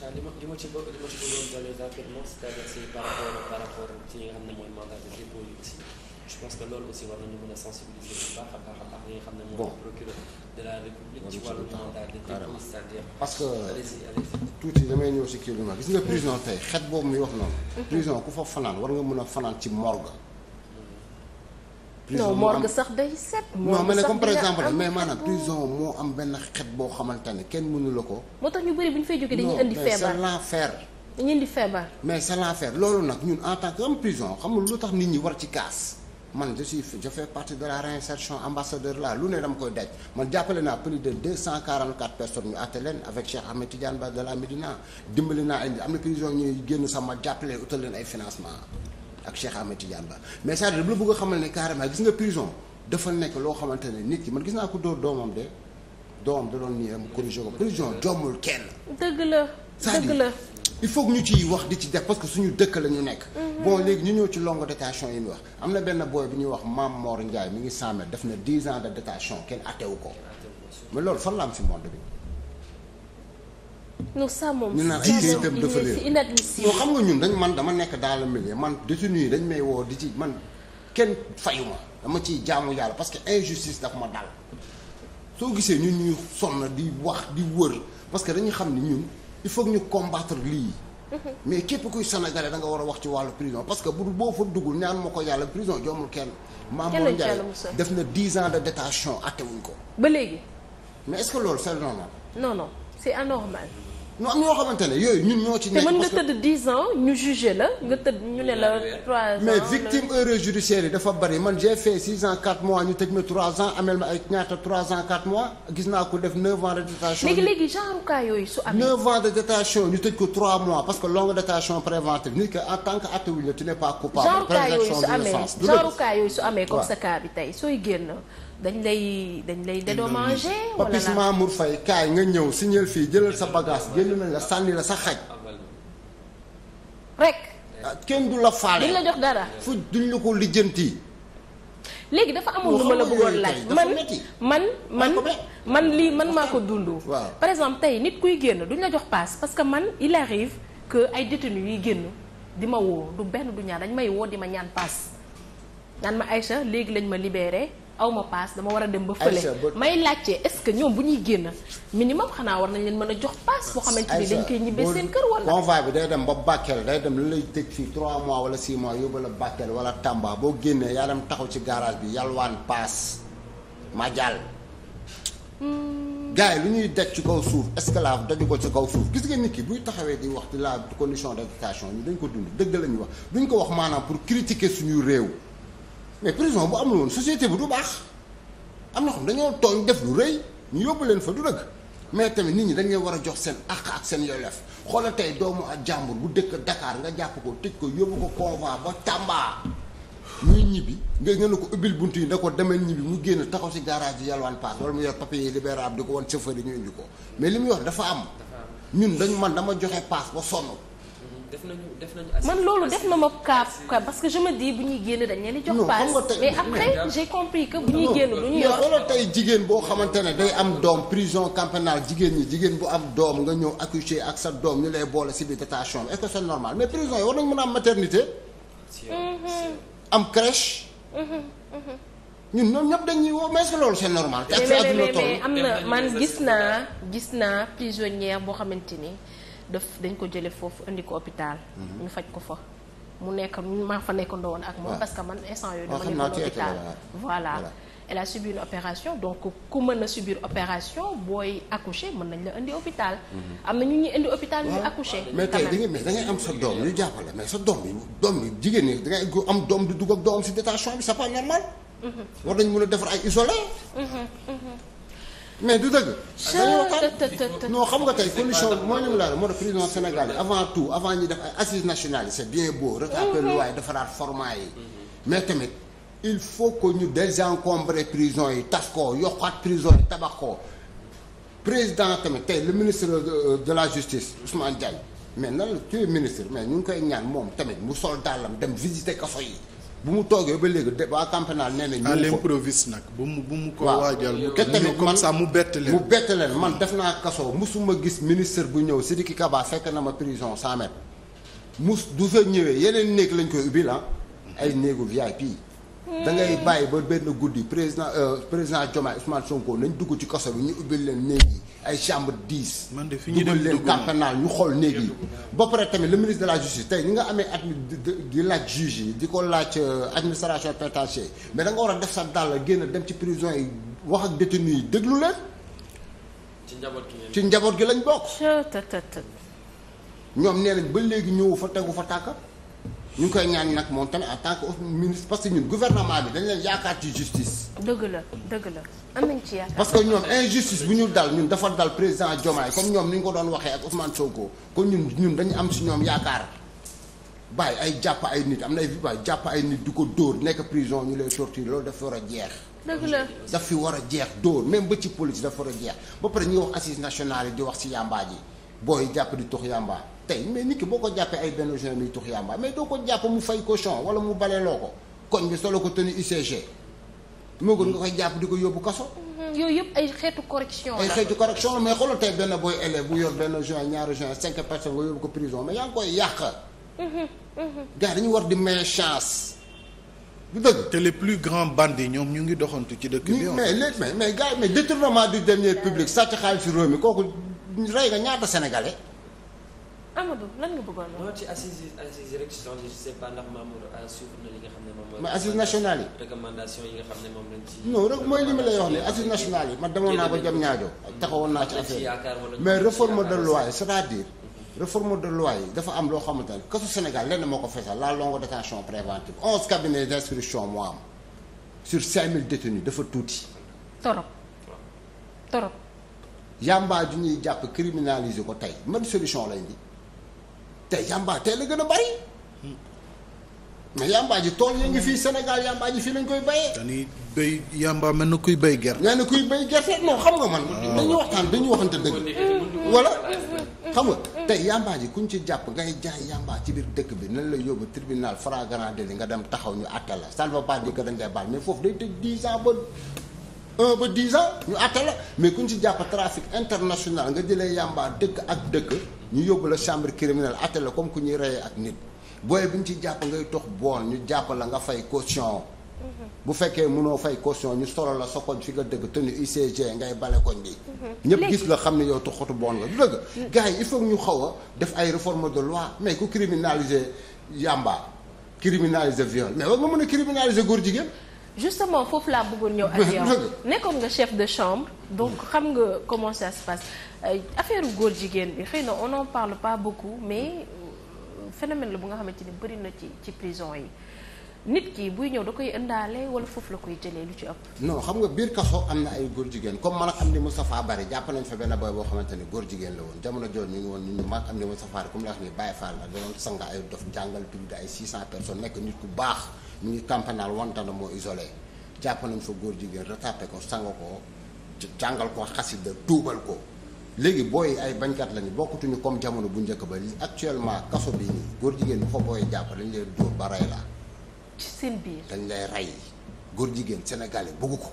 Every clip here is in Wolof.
incha allah ma li ma ci bë li xam ne mooy mandat de dépôt yi loolu aussi war nañu mën a sensibiliser bu xam ne mooy procureur de la république ci wàllu mandat parce que tuuti damay ñëw si kii lu ma gis nga prison tey xet boobu muy wax noonu prison ku fa fanaan war nga mën a fanaan ci morgue prison moo am sax day set. non mais comme par exemple mais maanaam prison moo am benn xet boo xamante ne kenn mënu la ko. moo tax ñu bëri bu ñu fay jógee dañuy indi feebar mais c'est l'enfer loolu nag ñun en tant que am prison xamul lu tax nit ñi war ci kaas man je suis je fais partie de la réinsertion ambassadeur là lu ne dama koy daj man jàppale naa plus de 244 personnes ñu àtte leen avec Cheikh Ahmed Tidiane Ba de la Médina dimbali na prison ñuy sama jàppale utal leen ay financement ak Cheikh Ahmed Tidiane Ba mais ça dama la bëgg a xamal ne carrément gis nga prison dafa nekk loo xamante ne nit ki man gis naa ko dóor doomam de doomam da doon nii am corrigé ko prison jommul kenn. dëgg la dëgg la il faut ñu ci wax di ci def parce que suñu dëkk la ñu nekk. Mhm. bon léegi ñu ñëw ci longue détention yi mu wax am na benn boy bi ñuy wax maam Mor Ndiaye mi ngi 100 def na 10 ans de détention kenn attewu ko mais loolu fan laam am si monde bi. non ça moom ñu naan ay xam nga ñun dañ man dama nekk dans le milieu man détenu yi may woo di ci man kenn fayuma dama ciy jaamu yàlla parce que injustice daf ma dal soo gisee ñun ñuy sonn di wax di wër parce que dañu xam ni ñun il faut ñu combattre lii mhm. mais képp kuy sénégalais da nga war a wax ci wàllu prison parce que bu boo fa duggul ñaan ma ko yàlla prison joomul kenn Mamour Ndiaye def na dix ans de détention atte ko ba léegi mais est-ce que loolu c'est normal non non c'est anormal non am yoo xamante ne yooyu ñun ñoo ci nekk. te mën nga tëdd 10 ans ñu jugé la nga tëdd ñu ne la 3 ans. mais victime erreur judiciaire dafa bari man j'ai fait ans 4 mois ñu tëj ma 3 ans amel ma ñaata 3 ans 4 mois gis naa ko def 9 ans de détention. léegi léegi genre cas yooyu su amee. 9 ans de détention ñu tëj ko 3 mois parce que longue détention préventive nit que en tant que atténué tu n'es pas coupable. présomption d'innocence genre cas genre cas yooyu dañ lay dañ lay dédommagé. wala Papis Mamour Faye kaay nga ñëw signal fii jëlal sa bagage génn nañ la sànni la sa xaj. rek. Ah, kenn du la faale. duñ la jox dara fu duñ la ko lijjanti. léegi dafa amoon lu ma la bëggoon laaj man man man man lii man maa ko dund. par exemple tey nit kuy génn duñ la jox paas parce que man il arrive que ay détenus yuy génn di ma woo du benn du ñaar dañ may woo di ma ñaan paas. naan ma Aïcha léegi lañ ma libéré. aw ma paas dama war a dem ba fële may laajtee est-ce que ñoom bu ñuy génn minimum xanaa war nañ leen mën a jox paas boo xamante ni dañ koy ñibbee seen kër wala convoi bi day dem dem lu lay tëj fii wala 6 mois yóbbu la Bakel wala Tamba boo génnee yaa dem taxaw ci garage bi yalwaan paas ma jàll hmm. gars yi lu ñuy daj ci kaw suuf esclave daju ko ci kaw suuf gis nga nit ki buy taxawee di wax di la condition d' habitation ñu dañ ko dund dëgg la ñuy wax duñ ko wax maanaam pour critiquer suñu réew mais prison bu na woon société bi du baax am na xam dañoo tooñ def lu rëy ñu yóbbu leen fa du dëgg mais tamit nit ñi dañ leen war a jox seen àq ak seen yelleef xoolal tey doomu ak jàmbur bu dëkk Dakar nga jàpp ko tëj ko yóbbu ko convoi ba Tamba muy ñibbi nga ngeen ko ubbil bunt yi ne ko demel ñibbi mu génn taxaw si garage yi yalwaan paas wala mu yor papier libérable di ko wan chauffeur ñu indi ko mais li muy wax dafa am ñun dañu man dama joxe paas ba sonn def nañu def nañu man loolu def na ma cas quoi parce que je me dis bu ñuy génn dañ leen di jox paas mais après j'ai compris que bu ñuy génn du ñu yor xoolal tey jigéen boo xamante ne day am doom prison camp pénal jigéen ñi jigéen bu am doom nga ñëw accoucher ak sa doom ñu lay boole si biir détention bi est-ce que c'est normal mais prison yi war nañ mën a am maternité mhm. am crèche mhm, mhm. ñun ñoom ñëpp dañuy woo mais loolu c'est normal. te ak sa adduna toll mais mais am na man gis naa gis naa prisonnière boo xamante ni. daf dañ ko jële foofu indi ko hôpital mhm. ñu faj ko fa mu nekk maa fa nekk ndowoon ak moom parce que man instant yooyu oh, dama nekkoon hôpital voilà elle a subi une opération donc ku mën a subir opération booy accoucher mën nañ la indi hôpital. Mhm. am na ñu ñuy indi hôpital ñu accoucher. mais tey da ngay am sa doom ñu jàppale mais sa doom yi doom yi jigéen ñi da ngay am doom di dugg doom si détention bi c'est pas normal. Mhm. war nañ mën a defar ay isolé. mais du dëgg. dañoo waxtaan non xam nga tey condition bi mooy li mu laal moo tax président Sénégal yi avant tout avant ñuy def ay assises nationales yi c'est bien beau rattraper mhm. loi yi defaraat format yi. mais tamit il faut ko ñu des désencombrer prison yi tas ko yokkaat prison yi tabax ko président tamit tey le ministre de la justice Ousmane Diagne mais nan la tuuti ministre mais ñu ngi koy ñaan moom tamit mu sol dàllam dem visiter kaso yi. bu mu toogee ba léegi de waa camp pénal nee nañ. à l'improviste bu mu bu ko waajal. mu comme ça mu bett leen. mu bett leen man def naa kaso musuma gis ministre bu ñëw ki Kaba fekk na ma prison 100 mètres mus du fa ñëwee yeneen néeg lañ koy ubbi la ah. ay néegu VIP. da ngay bàyyi ba benn guddi président euh, président Diomaye Ousmane Sonko nañ dugg ci kaso bi ñu ubbil leen néeg yi ay chambre 10. man de fi ñu dem leen campagnat ñu xool néeg yi. ba pare tamit le ministre de la justice tey ñi nga amee at di laaj juge yi di ko laaj euh, administration pénitentiaire mais danga war a def sa dàll génn dem ci prison yi wax ak détenu yi déglu leen. ci njaboot gi ci njaboot gi lañ bokk. ñoom nee nañ ba léegi ñëw fa tegu fa tàkk ñu ngi koy ñaan nag moom tamit en tant que ministre parce que ñun gouvernement bi dañ leen yaakaar ci justice. dëgg la dëgg la am nañ que ñoom injustice bu ñu dal ñun dafa dal président comme ñoom ni ñu ko doon waxee ak Ousmane Sonko kon ñun ñun dañu am si ñoom yaakaar bàyyi ay jàpp ay nit am na ay bàyyi jàpp ay nit du ko dóor nekk prison ñu lay torture loolu dafa war a jeex. dëgg la daf fi war a jeex dóor même ba ci police dafa war a jeex ba pare ñuy wax assise nationale yi di wax si yàmbaa ji booy jàpp di tox yambaa tey mais nit ki boo ko jàppee ay benn jeune muy tux yàmba mais doo ko jàpp mu fay ko champ wala mu baleeloo ko koñ bi solo ko tenue UCG moo gën nga koy jàpp di ko yóbbu kaso. Mm-hmm. yëpp ay xeetu correction la ay xeetu correction la mais xoolal tey benn booy élève bu yor benn cinq personnes nga yóbbu ko prison mais ngi koy yàq. Mm-hmm. Mm-hmm. gars dañu war di mais chance. du dëgg te les plus grands bandits ñoom ñu ngi doxantu ci dëkk mais mais mais gars mais détournement du denier public sàcc xaalis réew mi kooku rey nga ñaata sénégalais. Ah, Amadou lan nga bëggoon a. non ci assise xam ne moom mooy. mais assise nationale yi. recommandation yi ne moom lañ ci. non rek mooy li ma lay wax ne assise nationale yi man demoon naa ba jëm ñaajo taxawoon naa ci affaire mais réforme de loi yi c'est-à-dire. réforme de loi yi dafa am loo xamante ne kasu Sénégal lenn moo ko fesal la longue détention préventive onze cabinets d'instruction moo am sur cinq mille détenus dafa tuuti. torop torop. yàmbaa ju ñuy jàpp criminaliser ko tey man solution lay indi. te yàmbaa tey la gën a bari mais yàmbaa ji tool yi ngi fii Sénégal yàmbaa ji fii lañ koy bayee. dañuy béy yàmbaa mel na kuy béy gerte. naa na kuy béy gerte non xam nga man. dañu ah. dañuy waxtaan dañuy waxante dëgg. wala xam nga tey yàmbaa ji kuñ ci jàpp ngay jaay yàmbaa ci biir dëkk bi nan la yóbbu tribunal flagrant délit nga dem taxaw ñu àtte la ça ne veut dañ lay mais foofu day tëj 10 ans ba. un ba dix ans ñu àtte la mais kuñ ci jàpp trafic international nga jëlee yàmbaa dëkk ak dëkk. ñu yóbbu la chambre criminelle atte la comme ku ñuy reyee ak nit booy bi ñu ci jàpp ngay tox bool ñu jàpp la nga fay caution bu fekkee mënoo fay caution ñu solo la sa koñ fi nga dëgg tenue UCG ngay bale koñ bi ñëpp gis la xam ne yow tuxatu bon la du dëgg mm. gars yi il faut ñu xaw def ay réforme de loi mais ku criminaliser yamba criminaliser viol mais war nga mën a criminaliser góor jigéen justement foofu laa bëggoon ñëw ak yow nekkoon nga chef de chambre donc mm. xam nga comment ça se passe euh, affaire góor jigéen bi xëy na on n'en parle pas beaucoup mais euh, phénomène la bu nga xamante ni bëri na ci ci prison yi nit ki buy ñëw da koy ëndaale wala foofu la koy jëlee lu ci ëpp. non xam nga biir kaso am na ay góor jigéen comme man ak am di Moustapha Bari jàpp nañ fa benn boy boo xamante ni góor jigéen la woon jamono jooju ñu am di Moustapha comme la wax ni Baye Fall la doon sang ay dof jàngal plus de ay 600 personnes baax mu ngi campanal wantana moo isolé jàpp nañ fa góor jigéen retapé ko sang ko jàngal ko xasida tuubal ko léegi booy ay bañkat lañu bokkutuñu comme jamono bu njëkk ba actuellement kaso bi góor jigéen bu fa booy jàpp dañ leen dóor ba rey la ci seen biir dañ lay rey góor jigéen sénégalais bëggu ko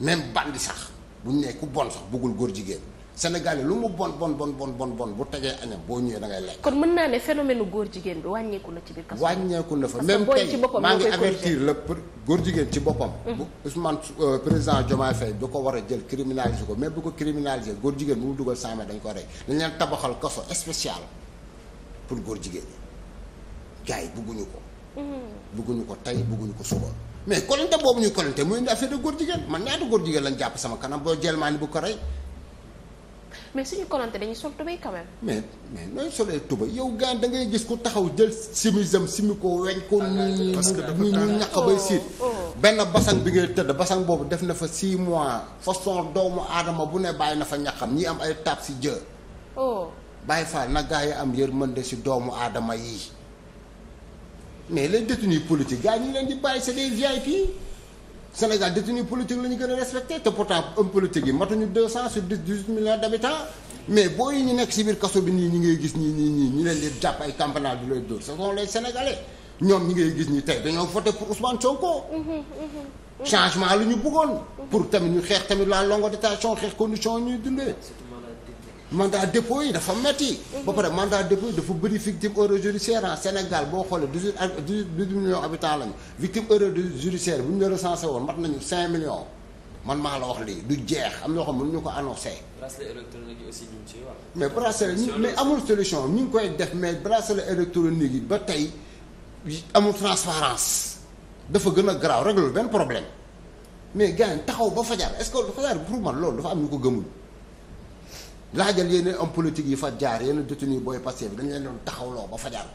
même bandi sax bu ñu nee ku bon sax bëggul góor jigéen sénégalais lu mu bon bon bon bon bon bon bu tegee añam boo ñëwee da ngay lekk. kon mën naa ne phénomène góor jigéen bi wàññeeku na ci biir kaso. wàññeeku na fa même tey maa ngi avertir le jigéen ci boppam. Mhm. bu Ousmane euh, président Diomaye Faye da ko war a jël criminaliser ko mais bu ko criminaliser góor jigéen bu mu dugal saa dañ ko rey dañ leen tabaxal kaso spécial pour góor jigéen yi gars bëgguñu ko. Mm-hmm. bëgguñu ko tey bëgguñu ko suba mais kolante boobu ñuy kolante muy indi affaire de góor jigéen man ñaata góor jigéen lañ jàpp sama kanam boo jelmaani bu ko rey mais suñu kolante dañuy sol tubéy quand mais mais nooy solee tubéy yow gaan da ngay gis ku taxaw jël simisam simi ko weñ ko ni ñu ñaq bay siit oh, oh. benn basang bi ngay tëdd basang boobu def na fa 6 mois façon doomu aadama bu ne bàyyi na fa ñaqam ñi am ay taab si jë oh. bàyyi fa na gaa yi am mën de si doomu aadama yi mais les détenus politiques gars ñu ngi leen di bàyyi c'est des VIP Sénégal détenus politiques la ñu gën a respecté te pourtant homme politique yi matuñu deux cent sur dix huit millions d'habitants mais booy ñu nekk ci biir kaso bi nii ñi ngay gis ñii ñii ñii ñu leen di jàpp ay campanades du leen dóor ce sont les Sénégalais ñoom ñu ngay gis ñi tey dañoo voté pour Ousmane Sonko. Mmh, mmh, mmh. changement lu ñu buggoon pour tamit ñu xeex tamit la longue détention xeex condition ñuy dundee. mandat dépôt yi dafa metti ba pare mandat dépôt yi dafa bëri victime erreur judiciaire en Sénégal boo xoolee dix-huit dix-huit millions habitants lañu victime erreur woon mat nañu cinq millions man maa la wax lii du jeex am loo xam mënuñu ko annoncé. bracelet électronique yi aussi ñu ngi ciy wax. mais bracelet mais amul solution ñu ngi koy def mais bracelet électronique yi ba tey amul transparence dafa gën a garaaw réglul benn problème mais gars taxaw ba fajar est-ce que fajar pour man loolu dafa am ñu ko gëmul. laajal yenn homme politique yi fa jaar yenn détenu booy passé bi dañ leen doon taxawloo ba fa jaar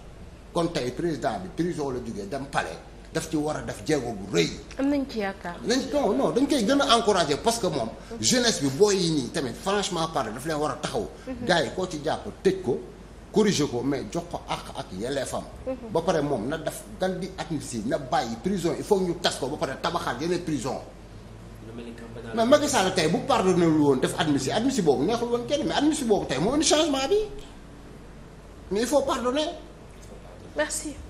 kon tey président bi prison la jógee dem palais daf ci war a def jéego bu rëy. am nañ ci yaakaar. nañ non non dañ koy gën a encouragé parce que moom. jeunesse bi booy yi nii tamit franchement parlé daf leen war a taxaw. Mhm. gars yi koo ci jàpp tëj ko. corrigé ko mais jox ko àq ak yelleefam. Mhm. ba pare moom na def gan di admissible na bàyyi prison il faut ñu tas ko ba pare tabaxaat yeneen prison. mais Macky Sall tey bu pardonné wul woon def amnistie amnistie boobu neexul woon kenn mais amnistie boobu tey moo indi changement bi mais il faut pardonner. merci.